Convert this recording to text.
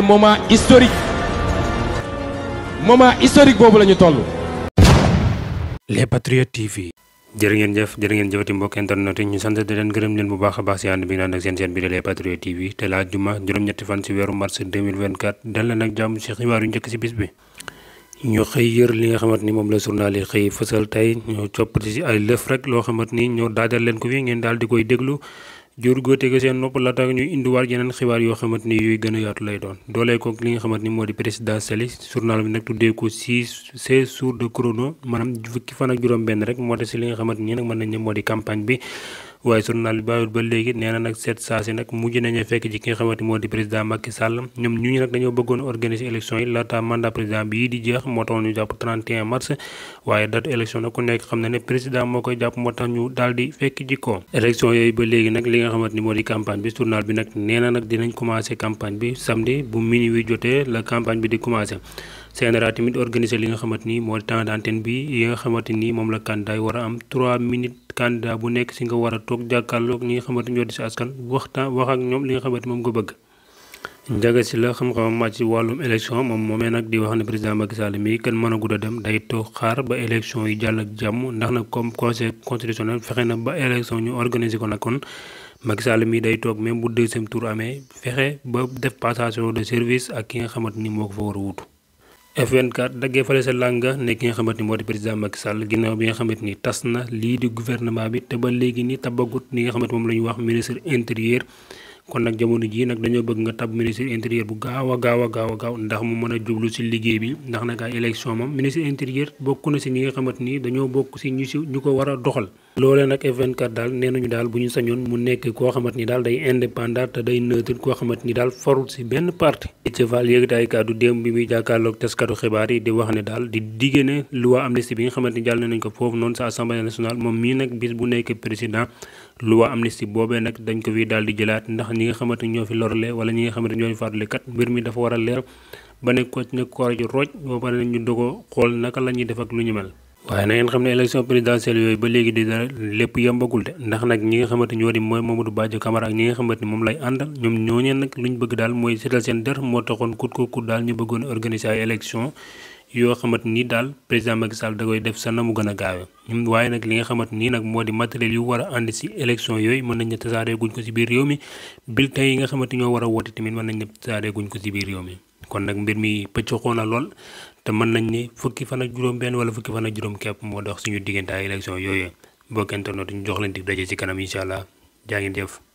moment historique moment historique la ñu toll. les patriotes TV. jërë ngeen jëf jërë ngeen jëfati mbokk baax baax si ànd bi nga naan ak seen seen bi de les patriotes TV te la juma fan si weeru mars 2024 dal la jàmm si xibaar njëkk si bis bi. ñu xëy yër li nga xamante ni moom la journal yi xëy fësal tey ñu coppati si ay lëf rek loo xamante ni ñoo daajal leen ko fi ngeen daal di koy déglu. jur góote ko seen nopp la tax ñu indiwaat yeneen xibaar yoo xamante ni yooyu gën a yaatu lay doon doolee ko li nga xamante ni moo di présidentielle journal bi nag tuddee ko six seize jours de chrono maanaam fukki fan ak juróom benn rek moo tax si li nga xamante ni nag mën nañ moo di campagne bi waaye journal bi bàyyiwul ba léegi nee na nag seet saa si nag mujj nañu fekk ci ki nga xamante moo di président Macky Sall ñoom ñu nag dañoo bëggoon organiser élection yi laata mandat président bi yii di jeex moo tax ñu jàpp mars waaye date élection nag ku nekk xam na ne président moo koy jàpp moo tax ñu daal di fekk ji ko élection ba léegi nag li nga xamante ni moo di campagne bi journal bi nag nee na nag dinañ commencé campagne bi samedi bu minuit jotee la campagne bi di commencé CNRA tamit organiser li nga xamante ni moo temps d'antenne bi yi nga ni moom la candidat a candidat bu nekk si nga war a toog jàkkaarloog ñi nga xamante ñoo di si askan waxtaan wax ak ñoom li nga xamante moom ko bëgg. Njaga si la xam-xamam màcc ci wàllum élection moom moomee nag di wax ne président Macky Sall mii kenn mën a dem day toog xaar ba élection yi jàll ak jàmm ndax nag comme conseil constitutionnel fexe na ba élection ñu organiser ko nag kon Macky Sall mii day toog même bu deuxième tour amee fexe ba def passation de service ak ki nga xamante ni moo ko war a wutu. F24 daggee fale sa lànga ne ki nga xamante ni moo di président Macky Sall ginnaaw bi nga xamante ni tas na lii di gouvernement bi te ba léegi ni tabagut ni nga xamante moom la ñuy wax ministre intérieur kon nag jamono jii nag dañoo bëgg nga tab ministre intérieur bu gaaw a gaaw a gaaw a gaaw ndax mu mën a jublu ci liggéey bi ndax nag ay élection moom ministre intérieur bokk na ci ñi nga xamante ni dañoo bokk ci ñu ci ñu ko war a doxal loolee nag F24 daal nee nañu daal bu ñu sañoon mu nekk koo xamante ni daal day indépendant te day neutre koo xamante ni daal farul si benn parti. Déthié Fall yëkkati ay kàddu démb bi muy jàkkaarloog taskatu xibaar yi di wax ne daal di diggé ne loi amnistie bi nga xamante ni jàll nañ ko foofu noonu sa assemblée nationale moom mii nag bis bu nekk président loi amnistie boobee nag dañ ko fi daal di jëlaat ndax ñi nga xamante ni ñoo fi lorle wala ñi nga xamante ni ñoo fi faatule dafa war a leer ba nekk ko ci nekk ko war a rooj boo pare ñu dogo xool naka la ñuy def ak lu ñu mel. waaye na ngeen xam ne élection présidentielle yooyu ba léegi di dara lépp yembagul de ndax nag ñi nga xamante ñoo di mooy Mamadou Badio Camara ak ñi nga xamante ni moom lay àndal ñoom ñooñeen nag luñ bëgg daal mooy seetal seen dër moo taxoon kut ko kut daal ñu bëggoon organiser ay yoo xamante ni daal président Macky Sall da koy def sa na mu gën a gaawe waaye nag li nga xamante ni nag moo di matériel yu war a ànd si élection yooyu mën nañ ne tasaaree guñ ko si biir réew mi bulletin yi nga xamante ñoo war a tamit mën nañ ne tasaaree ko si biir réew mi kon nag mbir mi pëccoxoo na lool te mën nañ ni fukki fan ak juróom benn wala fukki fan ak juróom kepp moo dox suñu diggante ay élection yooyu bokkente noonu ñu jox leen dig daje si kanam incha allah jaa ngeen jëf